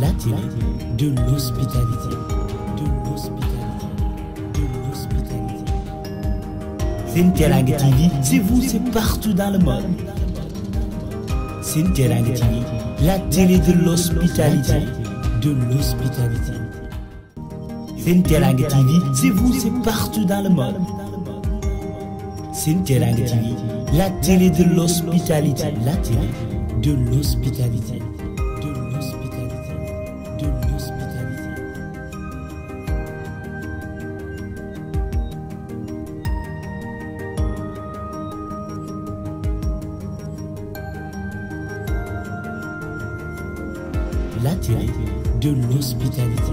l'atelier de l'hospitalité. De l'hospitalité. De l'hospitalité. Sen Teranga TV, c'est vous, c'est partout dans le monde. Sen la télé de l'hospitalité. De l'hospitalité. Sen la télé de l'hospitalité. de l'hospitalité. l'atelier de l'hospitalité.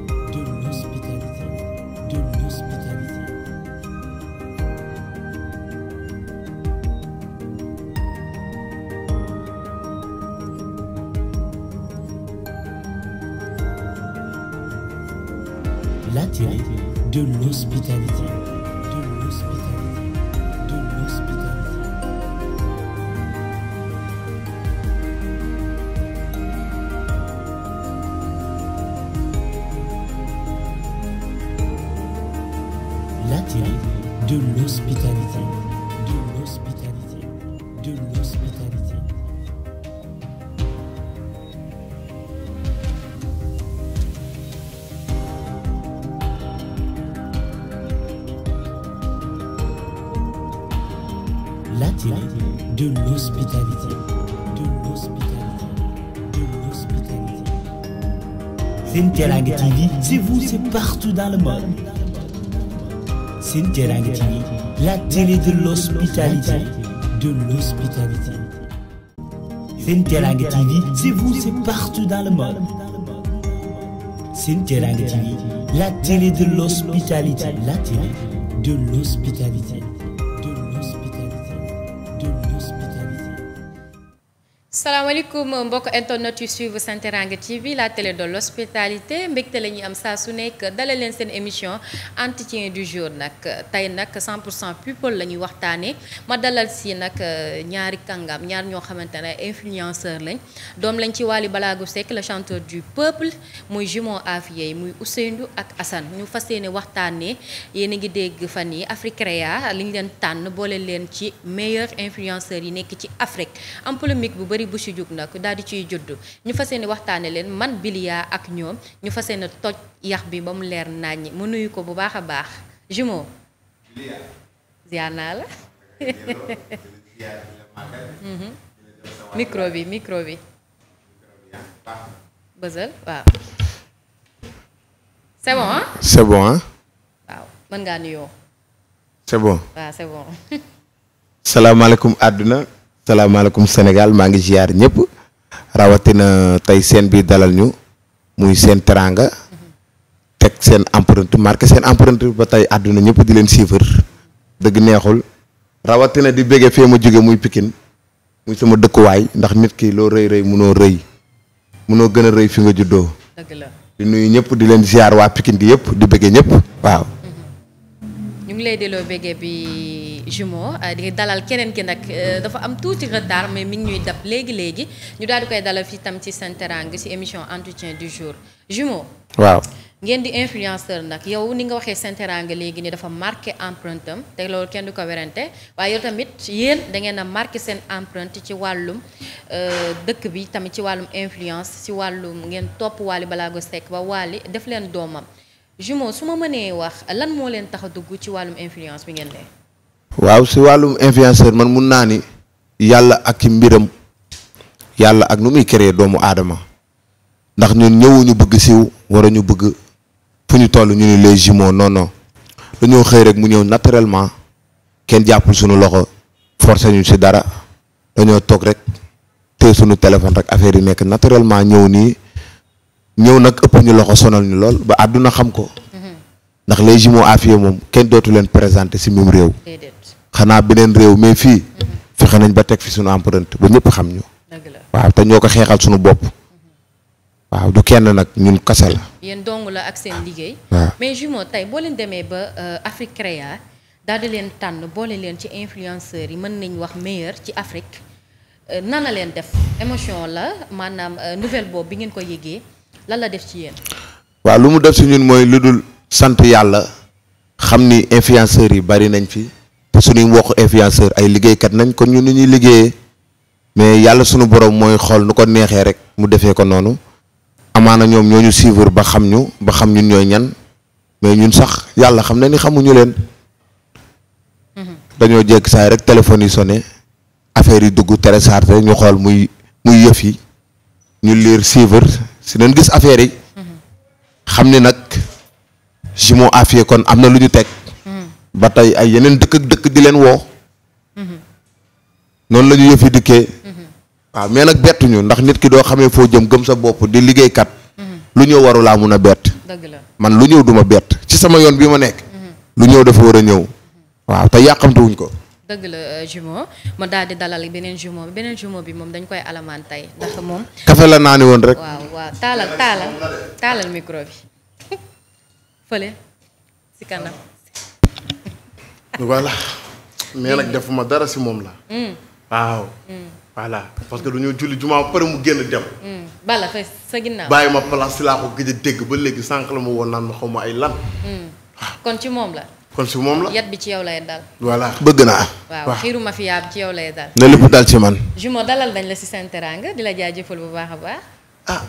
l'intérêt de l'hospitalité. De l'hospitalité. De l'hospitalité. de l'hospitalité. De l'hospitalité. De l'hospitalité. vous, c'est partout dans le monde. Sen Teranga TV la télé de l'hospitalité de l'hospitalité Sen Teranga TV vous c'est partout dans le monde Sen Teranga TV la la télé de salaamaaleykum mbokk internet yu suivre Sen Teranga TV la télé de l'hospitalité mbégte la ñuy am saa su nekk dala leen seen émission entretien du jour nag tey nag 100 pour cent people la ñuy waxtaanee ma dalal si nag euh, ñaari kàngam ñaar ñoo xamante ne influenceur lañ doom lañ ci wàll balaa Ballago Seck le chanteur du peuple muy jumeau yi muy Ousseynou ak Assane ñu fas yéene waxtaanee yéen a ngi dégg fan yi Africrea li ñu leen tànn boole leen ci meilleurs influenceurs yi nekk ci Afrique am bu bëri bu si jug nag daal di ciy judd ñu fas yéene waxtaane leen man Bilia ak ñoom ñu fas yéene toj yax bi ba mu leer naññi mu nuyu ko bu baax a baax jumeau ziar naa la micro bi micro bi waaw mën ngaa nuyoo c'est bon waaw c'est àdduna salaamaaleykum Sénégal maa ngi ziar ñëpp rawatina tey seen bi dalal ñu muy seen teranga teg seen empreinte marqué seen empreinte ba tey àdduna ñëpp di leen siifar dëgg neexul rawatina di béggee fee ma jóge muy pikin muy sama dëkkuwaay ndax nit ki loo rëy rëy munoo rëy munoo gën a rëy fi nga juddoo di nuyu ñëpp di leen ziar waa pikin gi yëpp di béggee ñëpp waaw jumeau euh, di dalal keneen ki nag euh, dafa am tuuti retard mais mi ngi ñuy dab léegi léegi ñu daal di koy dalal fii tam ci Sen Teranga ci émission entretien du jour jumeau. waaw ngeen di influenceur nag yow ni nga waxee Sen léegi nii dafa marqué empreinte am te loolu kenn du ko werante waaye yow tamit yéen da ngeen a marqué seen empreinte ci wàllum euh, dëkk bi tamit ci wàllum influence ci wàllum ngeen topp Wally balaago Seck ba Wally def leen doomam jumeau su ma mënee wax lan moo leen tax a dugg ci wàllum influence bi ngeen waaw si wàllum influenceur man mun naa ni yàlla ak mbiram yàlla ak nu muy créer doomu aadama ndax ñun ñëwuñu bëgg siw wara ñu bëgg fu ñu toll ñu ni les jumeaux non non xëy rek mu ñëw naturellement kenn jàppul suñu loxo forcé ñu si dara dañoo toog rek te sunu téléphone rek affaire yi nekk naturellement ñëw nii ñëw nag ëpp ñu loxo sonal ñu lool ba àdduna xam ko mm-hmm. ndax les jumeaux Afia moom kenn dootu leen présenter si même réew xanaa beneen réew mais fii fexe nañ ba teg fi suñu empreinte ba ñépp xam ñu. waaw te ñoo ko xeexal suñu bopp. waaw du kenn nag ñun kase la. yéen dong la ak seen liggéey. mais jumeau tey boo leen demee ba euh, Africrea daal di leen tànn boole leen ci influenceurs yi mën nañ wax meilleur ci Afrique euh, nana leen def émotion la maanaam euh, nouvelle boobu bi ngeen ko yëgee lan la def ci yéen. waaw mooy lu dul sant yàlla xam ni influenceurs yi bari nañ fi te suñuy mbokk influenceur ay liggéeykat nañ kon ñu ni ñuy liggéeyee mais yàlla suñu borom mooy xool nu ko neexee rek mu defee ko noonu amaana ñoom ñoo ñu suivre ba xam ñu ba xam ñu ñooy ñan mais ñun sax yàlla xam na ni xamuñu leen. dañoo jékki saay rek téléphone yi sone affaire yi dugg téléchargé ñu xool muy muy yëf yi ñu liir suivre si nañ gis affaire yi. Mm-hmm. xam ni nag jumeau Afia kon am na lu ñu teg. ba tey ay yeneen dëkk ak dëkk di leen woo noonu la ñu yëf dikkee waaw mais nag bettuñu ndax nit ki doo xamee foo jëm gëm sa bopp di liggéeykat lu ñëw waru laa mun a bett man lu ñëw duma bett ci sama yoon bi ma nekk lu ñëw dafa war a ñëw waaw te yàqamtuwuñ ko dëgg la euh, jumeau ma daal di dalal beneen jumeau bi beneen jumeau bi moom dañ koy alamaan tey ndax moom kafe la naa naani woon rek waaw waaw taalal taalal taalal fële voilà mais nag defuma dara si moom la. Hmm. waaw. Hmm. voilà parce que dañoo julli jumaa pare mu génn dem. Hmm. bala fa sa ginnaaw. bàyyi ma place si laa ko gëj a ba léegi sànq la ma woon naan ma xaw ma ay lan. kon ci moom la. kon si moom la yat bi ci yow lay dal. voilà bëgg naa. waaw xiiru mafia ci yow lay dal. na lépp dal ci man. Jumo dalal dañ la si seen di la jaajëfal bu baax a baax. ah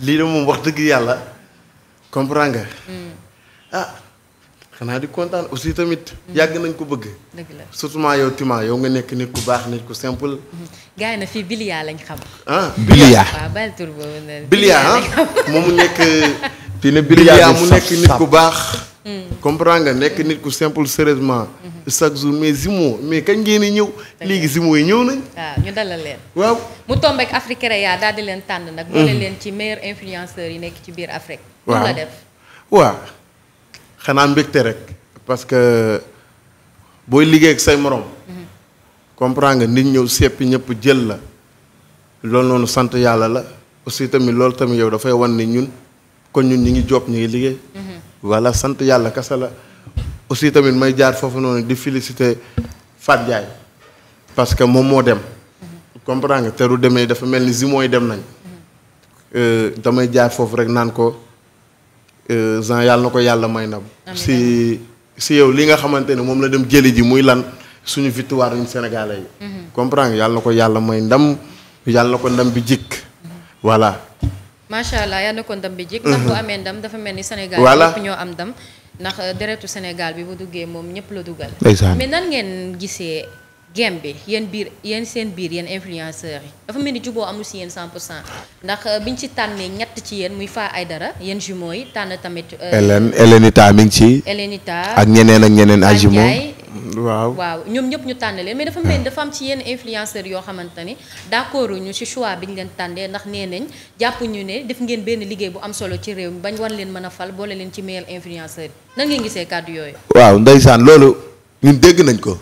lii de moom wax dëgg yàlla comprendre ah. xanaa di kontaan aussi tamit. yàgg nañ ko bëgg. dëgg la surtout yow Tima yow nga nekk nit ku baax nit ku simple. Mm-hmm. gars na fii Bilia lañ xam. ah Bilia waaw bàyyi tur boobu nag. Bilia ah? moom mu nekk. fii ne Bilia mu nekk nit ku baax. Mm. comprend nga nekk nit ku simple sérieusement. Mm-hmm. chaque jour mais Zimo mais kañ ngeen ñëw. léegi Zimo yi ñëw nañ. waaw ah, ñu dalal leen. waaw mu tombé ak Africrea daal di leen tànn nag. boole mm-hmm. leen ci meilleur influenceur yi nekk ci biir Afrique. waaw la def waaw. xanaa mbégte rek parce que booy liggéey ak say morom. comprend nga nit ñëw seppi ñëpp jël la loolu noonu sant yàlla la aussi tamit loolu tamit yow dafay wan ni ñun kon ñun ñi ngi job ñu ngi liggéey. Mm-hmm. voilà sant yàlla kasa la aussi tamit may jaar foofu noonu di féliciter Fat jaay parce que moom moo dem. Mm-hmm. comprend nga te du demee dafa mel ni zi mooy dem nañ. Mm-hmm. Euh, damay jaar foofu rek naan ko. Euh, Jean yàlla ko yàlla may ndam si si yow li nga xamante ne moom la dem jëli ji muy lan suñu victoire ñun sénégalais yi mhm. comprendre nga yàlla ko yàlla may ndam yàlla ko ndam bi jikk mhm. voilà macha allah yàlla na ko mhm. amee ndam dafa mel ni sénégal yëpp ñoo am ndam ndax euh, deretu sénégal bi bu duggee moom ñëpp la dugal mais nan ngeen gisee gem bi yéen biir yéen seen biir yéen influenceurs yi dafa mel ni juboo amul si yéen 100 pour cent ndax euh, biñ ci tànnee ñett ci yéen muy Faa ay dara yéen jumeaux yi tànn tamit. Euh, Hélène Hélénita mi ngi ci. Hélénita ak ñeneen ak ñeneen ay jumeaux waaw waaw ñoom ñëpp ñu tànn leen mais dafa mel ni dafa am ci yenn influenceurs yoo xamante ni d'accord ñu ci choix bi ñu leen tànnee ndax nee nañ jàpp ñu ne def ngeen benn liggéey bu am solo ci réew mi bañ wan leen mën a fal boole leen ci meilleur influenceur yi ngeen gisee kàddu yooyu. loolu ñun dégg nañ ko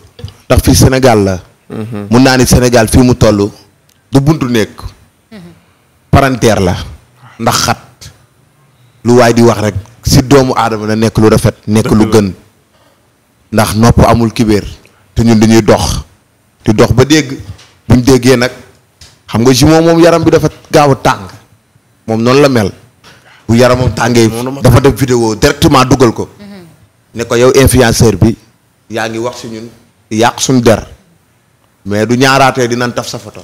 ndax fi Sénégal la. Mhm. mun naa ni Sénégal fii mu tollu du buntu nekk. parenteer la. ndax xat lu waay di wax rek si doomu aadama na nekk lu rafet. nekk lu gën ndax nopp amul kibéer te ñun dañuy dox. di dox ba dégg buñ déggee nag xam nga jumeau moom yaram bi dafa gaaw a tàng moom noonu la mel. bu yaramam tàngee dafa def vidéo directement dugal ko. Mhm. ne ko yow influenceur bi yaa ngi wax si ñun. yàq suñu der mais du ñaaraatee dinañ taf sa foto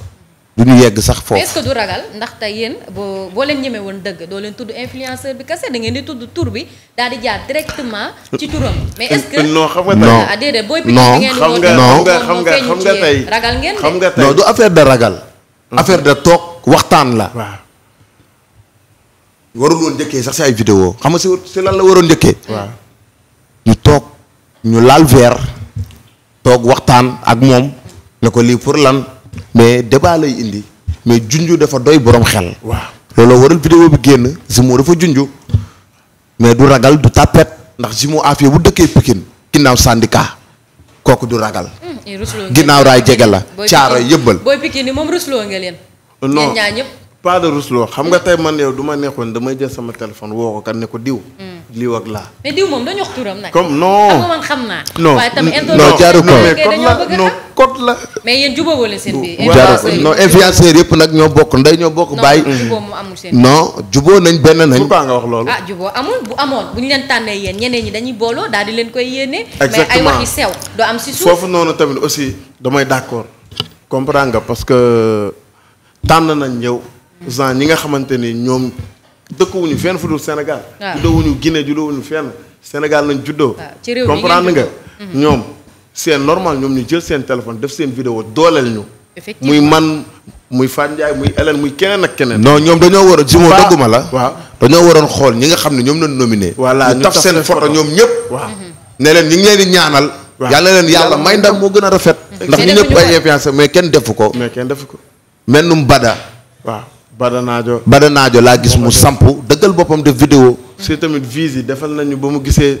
du ñu yegg sax foofu. est du ragal ndax tey yéen boo boo leen ñeme woon dëgg doo leen tudd influenceur bi kese da ngeen di tudd tur bi daal di jaar directement ci turam. mais est-ce euh, xam nga tey non xam nga xam ragal ngeen xam nga du affaire de ragal. Mm-hmm. affaire da toog waxtaan la. waaw. warul sax si ay vidéo xam nga si si la waroon njëkkee. ñu toog ñu laal verre. toog waxtaan ak moom ne ko lii pour lan mais débat lay indi mais junju dafa doy boroom xel. waaw looloo waral vidéo bi génn Zimo dafa junj mais du ragal du tàppet ndax Zimo Afia bu dëkkee Pikine ginnaaw syndicat kooku du ragal. Hmm, eh, ginnaaw raay jege la. caaro yëbbal booy Pikine ni moom rusloo nga leen. non pas de rusloo xam nga hmm. tey man yow du ma neexoon damay jël sama téléphone woo ko kan ne ko diw. Hmm. lii wag laa. mais diw moom dañu wax nag. comme xam nga man xam naa. non non la. mais yéen jubóo yëpp nag ñoo bokk ndey ñoo bokk. bàyyi non jubóo mu amul seen nañ benn nañ. pourquoi nga wax loolu. ah jubóo amul bu dañuy booloo daal di leen koy yéene. noonu tamit aussi damay d'accord. comprendre nga parce que tànn nañ ñëw. genre ñi nga xamante ni ñoom dëkkuwuñu fenn fu dul Sénégal. waaw juddoowuñu Guinée juddoowuñu fenn Sénégal lañ juddoo. comprendre nga. Mhm. ñoom seen normal ñoom ñu jël seen téléphone def seen vidéo dooleel ñu. muy man muy Fatou Ndiaye muy Hélène muy keneen ak keneen. non ñoom dañoo war a jumoo dogguma la. waaw dañoo waroon xool ñi nga xam ne ñoom lañ nominé. voilà ñu taf seen photo ñoom ñëpp. waaw mhm. ne leen ñi ngi leen ñaanal. yàlla leen yàlla may ndam moo gën a rafet. Mhm. ndax ñu ñëpp ay influenceurs mais kenn defu ko. mais kenn defu ko. mennum bada waaw Badanaajo Badanaajo laa gis mu samp dëggal boppam def vidéo si tamit vise yi defal nañu ba mu gisee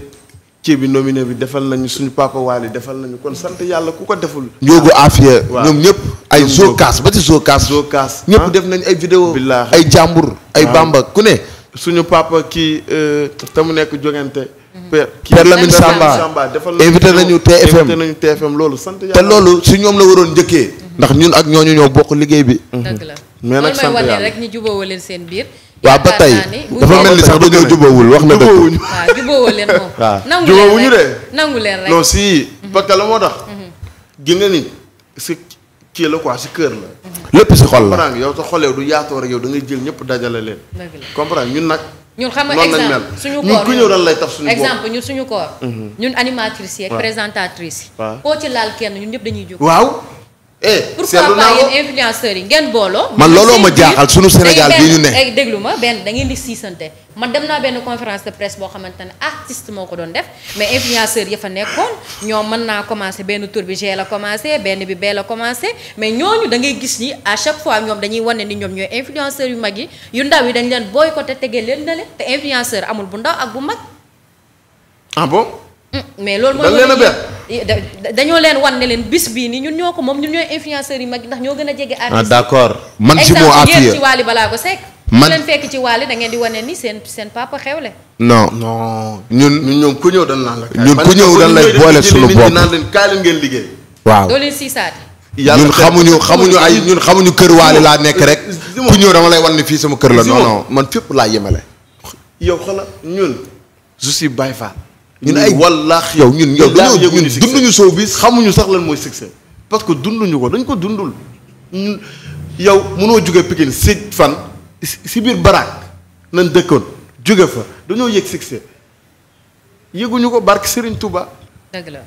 ci bi nominé bi defal nañu suñu papa Waly defal nañu kon sant yàlla ku ko deful. Ndiogu ah. Afia. ñoom ñëpp ay Zokaas ba ci Zokaas. Zokaas ñëpp ah. def nañ ay vidéo ay jàmbur ay Bamba ku ne. suñu papa kii euh, te mu nekk jogante mm-hmm. Père Lamine Samba defal nañu invité nañu TFM nañu TFM loolu sant yàlla. te loolu si ñoom la waroon njëkkee. ndax ñun ak ñooñu ñoo bokk liggéey bi. dëgg la mmh. mais nag ñu jubóowoo leen seen biir. waaw ba tey dafa mel ni wax na dëgg. jubóowuñu waaw jubóowoo leen moom. waaw jubóowuñu de. nangu si. Mmh. parce la moo tax. Mmh. gi nga ni la quoi si kër la. lépp si xol la comprendre yow sa xol yow du yaatoo yow da ngay jël ñëpp dajale leen. dëgg ñun nag. ñun xam nga exemple suñu koor ku ñëw lan lay tax suñu exemple ñun suñu yi ak koo ci laal kenn ñun ñëpp dañuy jóg waaw eh seetlu naa ko yéen yi ngeen booloo. man looloo ma jaaxal sunu Sénégal bi ñu ne. Eh, déglu ma benn da ngeen di siisante man dem naa benn conférence de presse boo xamante ne artiste moo ko doon def mais influenceurs ya fa nekkoon ñoom mën naa commencé benn tour bi G la commencé benn bi B la commencé mais ñooñu da ngay gis ni à chaque fois ñoom dañuy wane ni ñoom ñooy influenceurs yu mag yi yu ndaw yi dañ leen boycotté tegee leen na leen te influenceur amul bu ndaw ak bu mag. ah mm, loolu dañoo leen wan ne leen bis bii nii ñun ñoo ko moom ñun ñooy influenceurs yi mag ndax ñoo gën a jege. artiste ah d'accord man ci moo appuyé ci Wally Ballago Seck. man leen ci Wally da ngeen di wane ni seen seen papa xewle. non non ñun. ñun ñoom ku ñëw dañ naan ñun ku ñëw dañ lay boole suñu bopp naan leen kaay ngeen liggéey. waaw doo leen siisaati. ñun xamuñu xamuñu ay xamuñu kër Wally laa nekk rek. ku ñëw dama lay wan ne fii sama kër la non man fépp laa yemale. yow xala ñun je suis ñun ay wallaax yow ñun yow dañoo ñun dunduñu showbiz xamuñu sax lan mooy succès parce que dunduñu ko dañ ko dundul ñun yow mënoo jóge Pikine si fan si biir baraak nañ dëkkoon jóge fa dañoo yëg succès yëguñu ko bark Serigne Touba. dëgg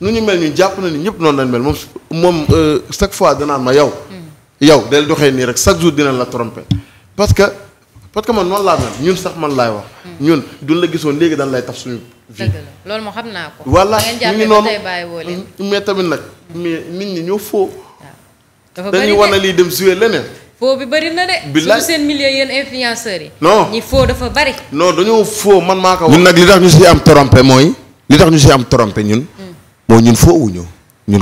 nu ñu mel ñun jàpp na ni ñëpp noonu lañ mel moom moom euh, chaque fois danaan ma yow. Mm. yow day doxee nii rek chaque jour dina la tromper parce que man noonu laa mel ñun sax man laay wax. ñun duñ la gisoon léegi dañ lay taf suñu. vie dëgg loolu moo xam naa ko. voilà ñu ngi noonu mm, mais tamit nag. lii dem jouer leneen. foo bi bari na de. billaay seen milieu yéen influenceurs yi. non ñi foo dafa bëri. non dañoo foo man maa ko wax. ñun nag li tax ñu si am trompé mooy. li tax ñu si am trompé ñun. Mm. mooy ñun foo ñun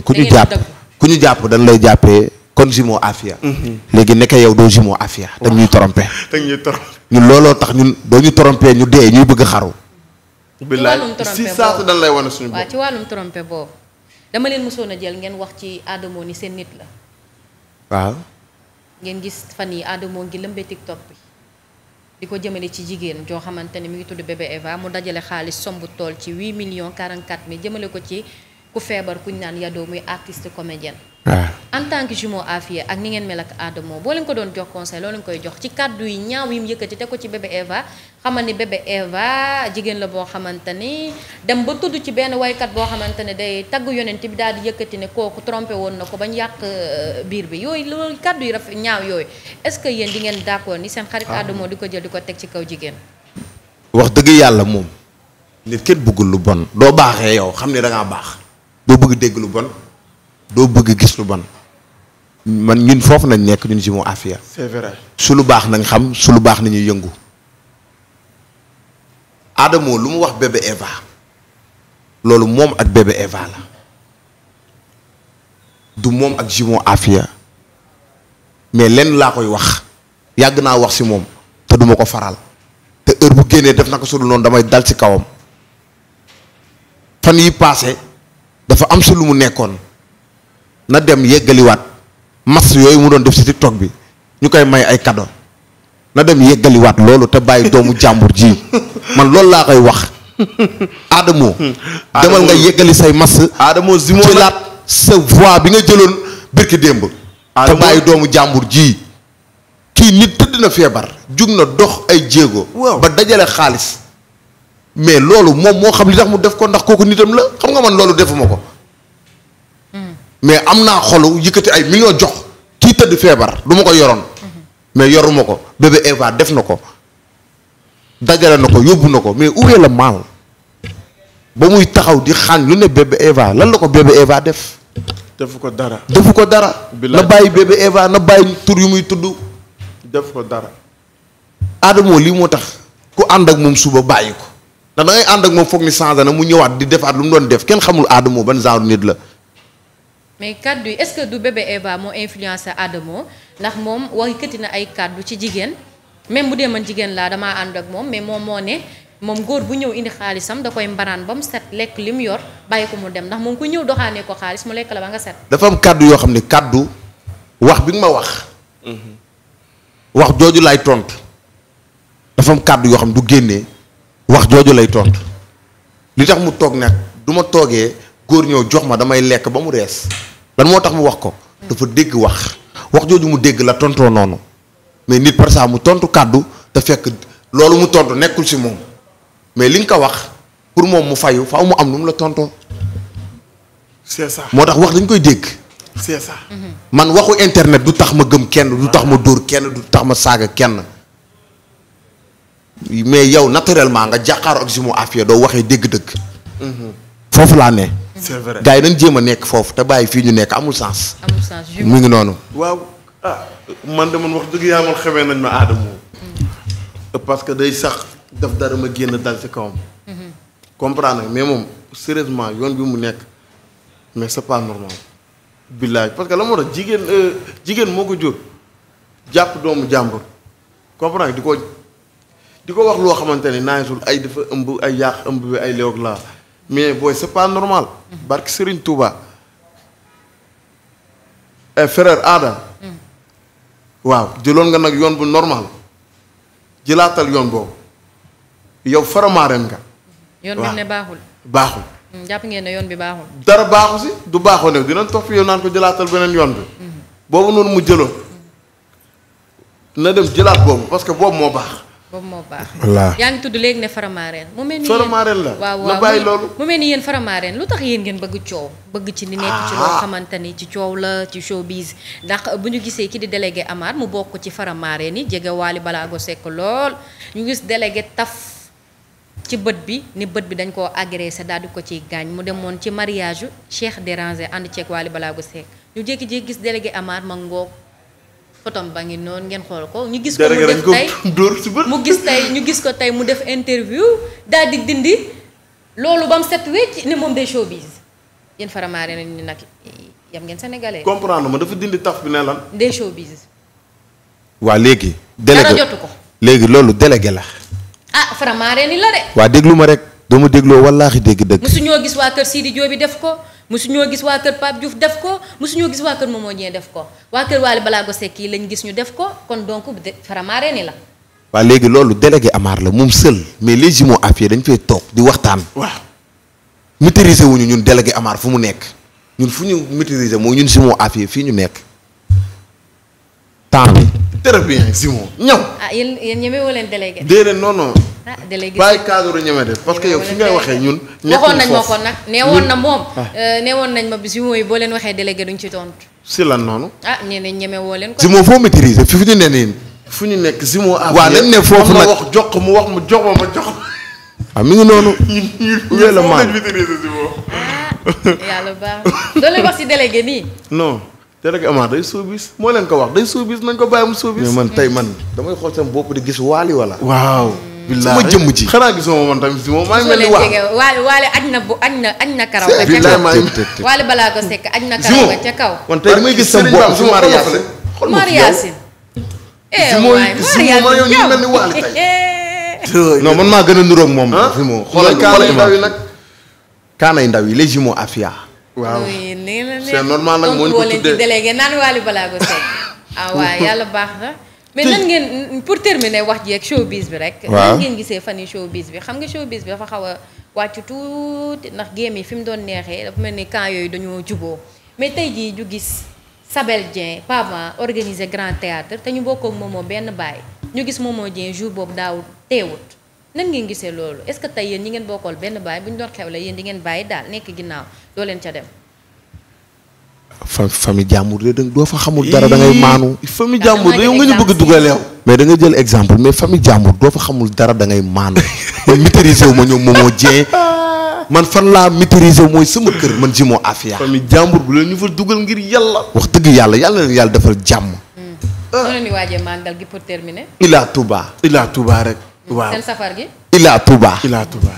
ku ñu jàpp ku ñu jàpp dañ lay jàppee kon jumeau Afia. Mhm. léegi nekk yow doo jumeau Afia. waaw dañuy trompé. ñun looloo tax doo ñu trompé ñu dee ñuy bëgg xaru. billaay si saatu lay wane suñu bopp ci wàllum trompé boobu dama leen mësoon a jël ngeen wax ci Adamo ni seen nit la. waaw. ngeen gis fan yi Adamo ngi lëmbee TikTok bi. di ko jëmale ci jigéen joo xamante ne mi ngi tudd bébé Eva mu dajale xaalis somb tool ci 8 millions 44 mille jëmale ko ci. ku feebar kuñ naan Yado muy artiste comédienne ah. en tant que jumeau Afia ak ni ngeen mel ak Adamo boo leen ko doon jox conseil loolu leen koy jox ci kàddu yi ñaaw yi mu yëkkati te ko ci bébé Eva la boo xamante ni dem ba tudd ci benn waykat boo xamante ne day tagg yonent bi daal di yëkkati ne kooku trompé woon na ko ba ñu yàq euh, biir bi yooyu loolu kàddu yi rafet ñaaw yooyu est-ce que yéen di ngeen d'accord ni seen xarit ah. Adamo di ko jël di ko teg ci kaw jigéen wax dëgg yàlla moom nit kenn lu bon doo baaxee baax doo bëgg dégg lu bon doo bëgg gis lu ban man ñun foofu nañ nekk ñun si mu afia su lu baax nañ xam su lu baax nañuy yëngu Adamo lu mu wax bébé Eva loolu moom ak bébé Eva la du moom ak Jimon Afia mais lenn laa koy wax yàgg naa wax si moom te duma ko faral te heure bu génnee def na ko sudul noonu damay dal ci kawam fan yi paase dafa am si lu mu nekkoon na dem yëggaliwaat mas yooyu mu doon def si TikTok bi ñu koy may ay cadeau na dem yeggaliwaat loolu te bàyyi doomu jàmbur ji man loolu laa koy wax Adamo demal nga yeggali say mas Adamo Zimo jëlaat sa voix bi nga jëloon birki démb te bàyyi doomu jàmbur jii kii nit tëdd na feebar jug na dox ay jéego ba dajale xaalis mais loolu moom moo xam li tax mu def ko ndax kooku nitam la xam nga man loolu defuma ko. mais am naa xolu yëkkati ay millions jox kii tëdd feebar du ma ko yoroon. mais yoruma ko bébé Eva def na ko dajale na ko yóbbu na ko mais où est ba muy taxaw di xaañ lu ne bébé Eva lan la ko bébé def. defu ko dara. defu ko dara. na bàyyi bébé Eva na bàyyi tur yu muy tudd. def ko dara. Adamo lii moo tax ku ànd ak moom suba bàyyi ko. ndax ànd ak moom foog ni changé na mu ñëwaat di defaat lu mu doon def kenn xamul Adamo ban genre nit la. mais kàddu yi est-ce que du bébé Eva moo influencé Adamo ndax moom waxikati na ay kàddu ci jigéen même bu dee man jigéen laa damaa ànd ak moom mais moom moo ne moom góor bu ñëw indi xaalisam da koy mbaraan ba mu set lekk li mu yor bàyyi ko mu dem ndax moom ko ñëw doxaanee ko xaalis mu lekk la ba nga set. dafa kàddu kaddu yoo xam ne kaddu wax bi ma wax. Mhm. wax jooju laay tontu dafa am kaddu xam du génnee. wax jooju lay tontu li tax mu toog nag du ma toogee góor ñëw jox ma damay lekk ba mu rees lan moo tax mu wax ko dafa dégg wax wax jooju mu dégg la tontoo noonu mais nit par ça mu tontu kàddu te fekk loolu mu tontu nekkul si moom mais li nga ko wax pour moom mu fayu fa mu am lu mu la tontoo. c'est ça moo tax wax dañ koy dégg. c'est ça. Mm-hmm. man waxu internet du tax ma gëm kenn du tax ma dóor kenn du tax ma saaga kenn. mais yow naturellement nga jàkkaaroo ak Jumo Afia doo waxee dégg-dëgg. foofu laa ne. c'est vrai nañ jéem a nekk foofu te bàyyi fii ñu nekk amul sens. amul sens mu ngi noonu. waaw ah man de man wax dëgg yàlla man xamee nañ ma aadama. parce que day sax daf dara ma génn dal ci kawam. comprendre mais moom sérieusement yoon bi mu nekk mais c'est pas normal. billaay parce que la moo tax jigéen euh, jigéen moo ko jur jàpp doomu jàmbur comprendre di ko. di ko wax loo xamante ne naangisul ay dafa ëmb ay yàq ëmb bi ay léeg laa mais booy c'est normal mm-hmm. barke Serigne Touba et eh, frère Aada mm. waaw jëloon nga nag yoon bu normal jëlaatal yoon boobu yow faramaaren nga mm-hmm. yoon bi ne baaxul baaxul mm, jàpp ngeen ne yoon bi baaxul dara baaxu si du baaxoo ne dinañ topp yow naan ko jëlaatal beneen yoon bi mm-hmm. boobu noonu mu jëloon na dem jëlaat boobu parce que boobu moo baax boobu moo baax. yaa ngi tudd léegi ne Faramareen. mu mel ni Faramareen la waaw waaw bàyyi loolu. mu mel ni yéen Faramareen lu tax yéen ngeen bëgg coow. bëgg ci li nekk ci loo ah. xamante ni ci coow la ci showbiz. ndax bu ñu gisee ki di délégué Amar mu bokk ci Faramareen yi jege Waly Balago Seck lool ñu gis délégué taf. ci bët bi ni bët bi dañ koo agressé daal ko ciy gaañ mu demoon ci mariage Cheikh Déranger ànd ceeg Waly Balago Seck ñu jékki-jékki gis délégué Amar ma ngoog fotom ba ngi noonu ngeen xool ko ñu gis ko mu def tey mu gis tey ñu gis ko tey mu def interview daal dindi loolu ba mu set wecc ne moom day showbiz yéen faramaare nañ ni nag yam ngeen sénégalais. comprendre ma dafa dindi taf bi ne lan. day showbiz. waa léegi. délégué ko. léegi loolu délégué la. ah faramaare ni la de. waa déglu ma rek. doo ma dégloo wallaahi dégg dëgg. mosu ñoo gis waa kër Sidi Diop bi def ko. ñoo gis waa kër Pape Diouf def ko musuñoo gis waa kër Momo Dieng def ko waa kër Waly Balago Seck yi lañ gis ñu def ko kon donc Faramareen ni la. waaw léegi loolu délégué amaar la moom seul mais les jumeaux à pied dañ fay toog di waxtaan. waaw maîtriser wuñu ñun délégué amaar fu mu nekk ñun fu ñu maîtriser mooy ñun jumeaux à pied fii ñu nekk temps bi. très bien jumeaux ñëw. ah yéen yéen ñemewoo leen délégué. déedéet non non. ah délégué bàyyi cadre ñeme de parce que yow fi ngay waxee ñun. waxoon nañ ma nag neewoon na moom. Ah. Euh, neewoon nañ ma bi yu mooy boo leen waxee délégué duñ ci tontu. si lan noonu. ah nee nañ ñeme woo leen ko. Zimo foo maîtriser fi ñu ne nii. fu ñu nekk Zimo. waaw nañ ne foofu nag wax jox mu wax mu jox ma ma jox. ah mi ngi noonu. ñu ñu ñu la si ah, délégué nii. non délégué Amar day suubis moo leen ko wax day suubis nañ ko bàyyi mu suubis. mais man tey hmm. man damay xool sama bopp di gis waali wala. waaw. ma jëmm ji xanaa gisuma man tamit si moom maa ngi mel ni waa waale waale aj na bu aj na aj na karaw ba ca balaa ko sekk aj na karaw ba ca kaw man tey damay gis sa bopp si Mar Yacine Mar Yacine eh waay Mar Yacine yow ñu mel ni gën a nuróog moom ah? fi mu xoolal kaanay ndaw yi nag kaanay ndaw waaw c'est normal moo ñu ko tuddee naan waale balaa ko sekk ah waaw yàlla baax na mais nan ngeen pour terminer wax ji ak showbiz bi rek. waaw ngeen gisee fan yi showbiz bi xam nga showbiz bi dafa xaw a wàcc tuuti ndax géem yi fi mu doon neexee dafa mel ni camp yooyu dañoo juboo mais tey jii ju gis Sabel Dieng Paama organiser grand théâtre te ñu bokkoog moomoo benn baay ñu gis moomoo Dieng jour boobu daaw teewut. nan ngeen gisee loolu est-ce que tey yéen ñi ngeen bokkool benn baay bu ñu doon xew la yéen di ngeen bàyyi daal nekk ginnaaw doo leen ca dem. fa famille jàmbur de doo fa xamul dara da ngay maanu. famille jàmbur de yow nga ñu bëgg a dugal yow. mais da jël exemple mais famille jàmbur doo fa xamul dara da ngay maanu man maîtriser wu ma ñoom moomoo jee man fan laa maîtriser mooy sama kër man ji moo afia. famille jàmbur bu leen ñu fa dugal ngir yàlla. wax dëgg yàlla yàlla na yàlla defal jàmm. Hmm. noonu ni waajee màggal gi pour terminer. Ila Touba. Ila rek. Hmm. waaw seen safar gi. Ila Touba. Ila Touba.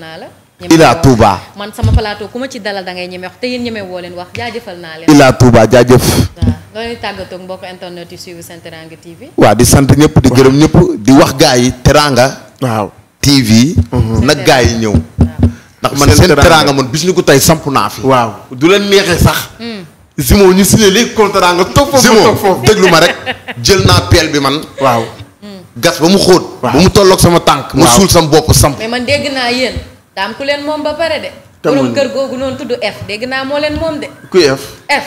naa la. ilaa Touba. man sama plateau ku ma ci dalal da ngay ñeme wax te yéen ñeme woo leen wax jaajëfal naa leen. ilaa Touba jaajëf. waaw loolu tàggatoo ak mbokk internet yi suivre seen di sant ñëpp di gërëm ñëpp di wax gaa yi Teranga. waaw TV. Mhm. nag gaa yi ñëw. ndax man seen Teranga man bis ñu ko tey samp naa fi. waaw du leen neexee sax. Hmm. Zimo ñu signé léegi contrat nga toog foofu toog ma jël naa bi man. waaw hmm. gas ba mu xóot. ba dégg naa yéen. daam ku leen moom ba pare de. borom kër googu noonu tudd F dégg naa moo leen moom de. kuy F. F.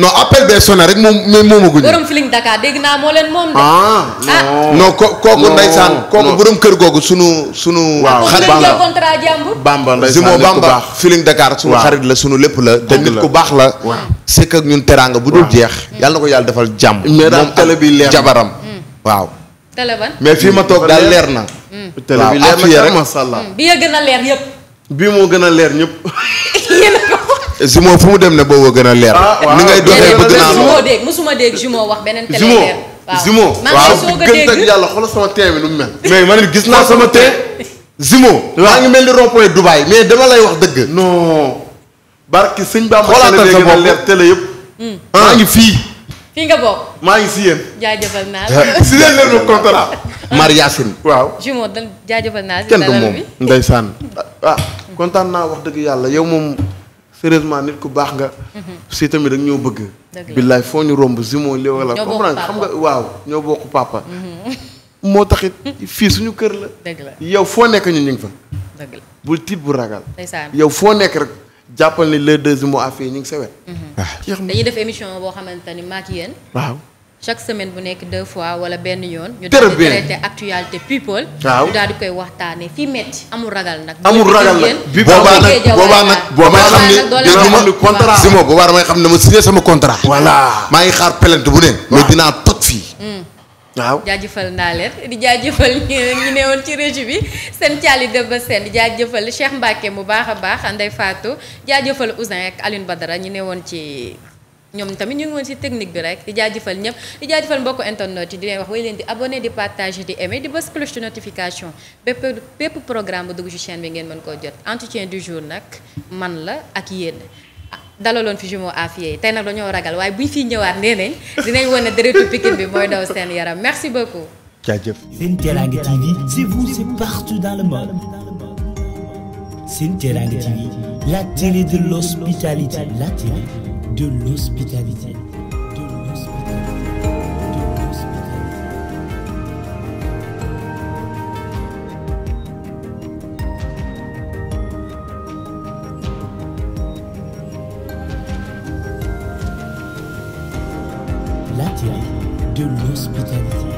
non appel bee sonné rek moom mais moomaguñu. borom Feeling Dakar dégg naa moo leen moom de. ah, ah. non ko kooku kër googu sunu sunu. waaw xarit bamba contrat jàmbur. bamba ndeysaan xarit la suñu lépp la. te nit ku baax la. waaw sekk ak ñun teraanga bu dul jeex. yàlla na ko yàlla defal jàmm. mais daal jabaram mm. waaw. télé ban mais fii ma toog daal leer na. Hmm. télé bi leer na rek macha allah hmm. bi nga gën a leer yëpp. bii moo gën a leer ñëpp. Jumo fu mu dem ne boobu gën a leer. Ah, ni ngay doxee bëgg naa loo dégg musuma dégg Jumo wax beneen télé leer. Jumo waaw gën teg yàlla xoolal sama tee bi nu mu mel. mais man gis naa sama tee. Jumo. waaw maa ngi mel ni rond-point Dubaï mais dama lay wax dëgg. non. barki sëñ Ba ma xoolaatal sa bopp télé yëpp. Hmm. maa ngi fii. fii nga bokk. maa ngi si yéen. jaajëfal naa la leen leen contrat. Mar waaw jumeau dal jaajëfal naa si. kenn du moom ndeysaan ah kontaan naa wax dëgg yàlla yow moom sérieusement nit ku baax nga. Mhm. si tamit rek ñoo bëgg. dëgg billaay foo ñu romb jumeau li wala. comprendre xam nga waaw ñoo bokk papa. Mhm. moo taxit fii suñu kër la. dëgg yow foo nekk ñu ñu fa. bul tiit bu ragal. ndeysaan yow foo nekk rek. jàppal ni les deux mois à ñu ngi sa mhm. ah. dañuy def émission boo xamante ni maak yéen. waaw chaque semaine bu nekk deux fois wala benn yoon. ñu daal di traité actualité people. waaw ñu daal di koy waxtaanee fii metti amul ragal nag. amul ragal nag bi boobaa nag boobaa nag boobaa xam ne dina ma contrat si moom boobaa damay xam ne ma signé sama contrat. voilà maa ngi xaar plainte bu ne. mais dinaa toj fii. Mm. waaw jaajëfal naa leen di jaajëfal ñu ne woon ci régie bi seen caali ba seen di jaajëfal Cheikh Mbacke mu baax a baax Ndeye Fatou jaajëfal Ousin ak ba dara ñu ne woon ci ñoom tamit ñu ngi woon ci technique bi rek di jaajëfal ñëpp di jaajëfal mbokk internet yi di leen wax way leen di abonné di partage di aimer di bës cloche de notification bépp bépp programme bu dugg ci chaîne bi ngeen mën koo jot entretien du jour nag man la ak yéen. dalaloon fi jumeau Afia yi tey nag dañoo ragal waaye buñ fiy ñëwaat nee nañ dinañ wane deretu Pikine bi mooy daw seen yaram merci beaucoup. jaajëf. Sen Teranga TV c'est vous c'est partout dans le monde. Sen Teranga TV la télé de l'hospitalité la télé de l'hospitalité l'hospitalité.